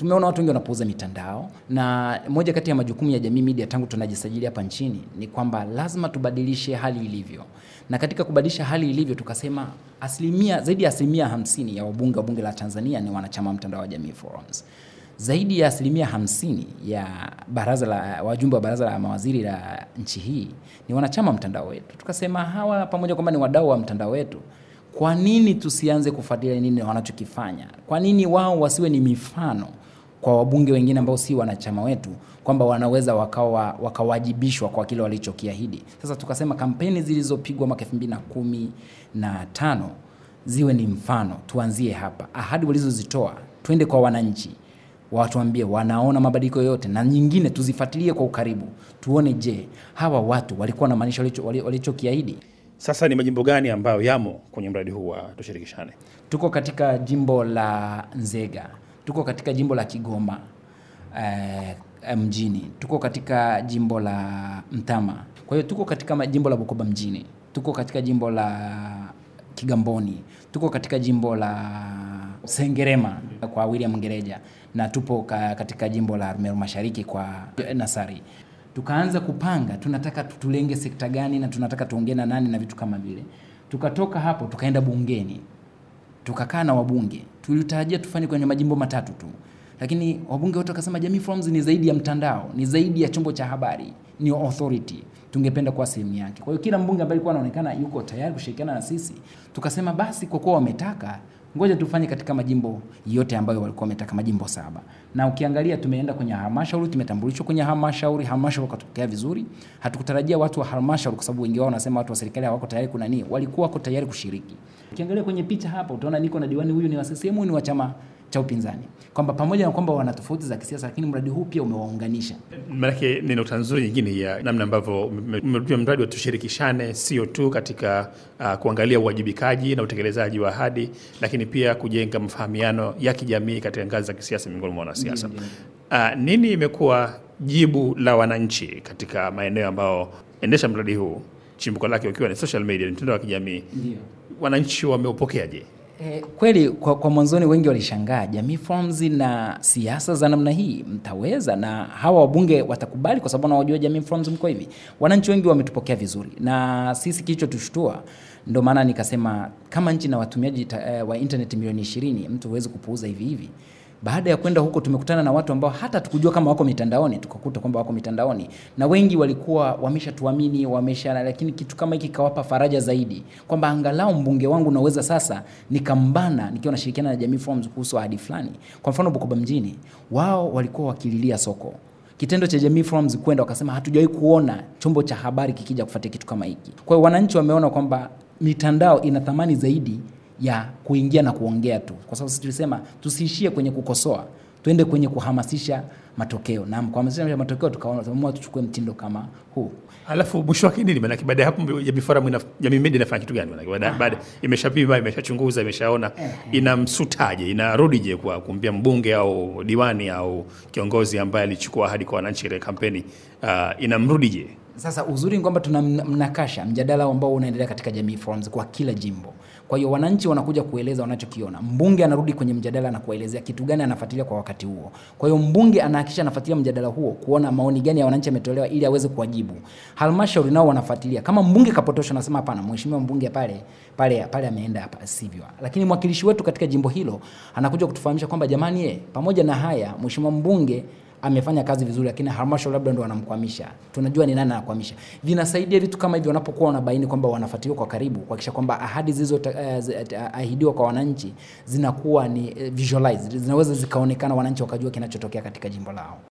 tumeona watu wengi wanapuuza mitandao, na moja kati ya majukumu ya Jamii Media tangu tunajisajili hapa nchini ni kwamba lazima tubadilishe hali ilivyo, na katika kubadilisha hali ilivyo tukasema asilimia zaidi ya asilimia hamsini ya wabunge wa bunge la Tanzania ni wanachama mtandao wa Jamii Forums zaidi ya asilimia hamsini ya baraza la wajumbe wa baraza la mawaziri la nchi hii ni wanachama mtandao wetu. Tukasema hawa pamoja kwamba ni wadau wa mtandao wetu, kwa nini tusianze kufuatilia nini wanachokifanya? Kwa nini wao wasiwe ni mifano kwa wabunge wengine ambao si wanachama wetu kwamba wanaweza wakawa wakawajibishwa kwa kile walichokiahidi. Sasa tukasema kampeni zilizopigwa mwaka elfu mbili na kumi na tano ziwe ni mfano, tuanzie hapa. Ahadi walizozitoa twende kwa wananchi, watuambie wanaona mabadiliko yote, na nyingine tuzifuatilie kwa ukaribu, tuone, je, hawa watu walikuwa na maanisha walichokiahidi? Sasa ni majimbo gani ambayo yamo kwenye mradi huu wa Tushirikishane? Tuko katika jimbo la Nzega tuko katika jimbo la Kigoma eh, mjini, tuko katika jimbo la Mtama, kwa hiyo tuko katika jimbo la Bukoba mjini, tuko katika jimbo la Kigamboni, tuko katika jimbo la Sengerema kwa William Ngereja na tupo katika jimbo la Meru Mashariki kwa Nasari. Tukaanza kupanga tunataka tulenge sekta gani na tunataka tuongee na nani na vitu kama vile. Tukatoka hapo tukaenda bungeni, tukakaa na wabunge tulitarajia tufanye kwenye majimbo matatu tu. Lakini wabunge wote wakasema Jamii Forums ni zaidi ya mtandao, ni zaidi ya chombo cha habari, ni authority, tungependa kuwa sehemu yake. Kwa hiyo kila mbunge ambaye alikuwa anaonekana yuko tayari kushirikiana na sisi, tukasema basi, kwa kuwa wametaka ngoja tufanye katika majimbo yote ambayo walikuwa wametaka, majimbo saba. Na ukiangalia tumeenda kwenye halmashauri, tumetambulishwa kwenye halmashauri, halmashauri katupokea vizuri. Hatukutarajia watu wa halmashauri, kwa sababu wengi wao wanasema watu wa serikali hawako tayari. Kuna nini, walikuwa wako tayari kushiriki. Ukiangalia kwenye picha hapa, utaona niko na diwani, huyu ni wa CCM, ni wa chama cha upinzani kwamba pamoja na kwamba wana tofauti za kisiasa, lakini mradi huu pia umewaunganisha. Maanake ni nukta nzuri nyingine ya namna ambavyo umerudia mradi wa tushirikishane, sio tu katika uh, kuangalia uwajibikaji na utekelezaji wa ahadi, lakini pia kujenga mafahamiano ya kijamii katika ngazi za kisiasa miongoni mwa wanasiasa. Uh, nini imekuwa jibu la wananchi katika maeneo ambayo endesha mradi huu chimbuko lake ukiwa ni social media, mtandao wa kijamii, wananchi wameupokeaje? Eh, kweli kwa, kwa mwanzoni wengi walishangaa jamii forms na siasa za namna hii mtaweza na hawa wabunge watakubali kwa sababu nawajua jamii forms mko hivi. Wananchi wengi wametupokea vizuri na sisi kilichotushtua ndo maana nikasema kama nchi na watumiaji e, wa internet milioni ishirini mtu huwezi kupuuza hivi hivi. Baada ya kwenda huko tumekutana na watu ambao hata tukujua kama wako mitandaoni, tukakuta kwamba wako mitandaoni na wengi walikuwa wameshatuamini wamesha, lakini kitu kama hiki kawapa faraja zaidi kwamba angalau mbunge wangu naweza sasa nikambana nikiwa nashirikiana na Jamii Forums kuhusu ahadi fulani. Kwa mfano Bukoba mjini, wao walikuwa wakililia soko kitendo cha Jamii Forums kwenda wakasema hatujawahi kuona chombo cha habari kikija kufuatia kitu kama hiki. Kwa hiyo wananchi wameona kwamba mitandao ina thamani zaidi ya kuingia na kuongea tu, kwa sababu sisi tulisema tusiishie kwenye kukosoa, tuende kwenye kuhamasisha matokeo na kuhamasisha matokeo, tukaamua tuchukue mtindo kama huu. Alafu mwisho wake nini? Maanake baada ya hapo Jamii Forum ina, Jamii Media inafanya kitu gani? Maanake baada baada imeshapima, imeshachunguza, imeshaona eh, eh. inamsutaje, inarudije kwa kumbia mbunge au diwani au kiongozi ambaye alichukua ahadi kwa wananchi ile kampeni uh, ah, inamrudije? Sasa uzuri ni kwamba tuna mnakasha mjadala ambao unaendelea katika Jamii Forums kwa kila jimbo. Kwa hiyo wananchi wanakuja kueleza wanachokiona, mbunge anarudi kwenye mjadala na kuelezea kitu gani anafuatilia kwa wakati huo. Kwa hiyo mbunge anahakikisha anafuatilia mjadala huo kuona maoni gani ya wananchi yametolewa, ili aweze kuwajibu. Halmashauri nao wanafuatilia, kama mbunge kapotosha, anasema hapana, mheshimiwa mbunge pale pale pale ameenda hapa sivyo. Lakini mwakilishi wetu katika jimbo hilo anakuja kutufahamisha kwamba jamani, ye eh, pamoja na haya mheshimiwa mbunge amefanya kazi vizuri, lakini halmashauri labda ndo wanamkwamisha. Tunajua ni nani anakwamisha. Vinasaidia vitu kama hivyo wanapokuwa wanabaini kwamba wanafuatiliwa kwa karibu, kuhakikisha kwamba ahadi zilizoahidiwa eh, eh, kwa wananchi zinakuwa ni eh, visualized, zinaweza zikaonekana, wananchi wakajua kinachotokea katika jimbo lao.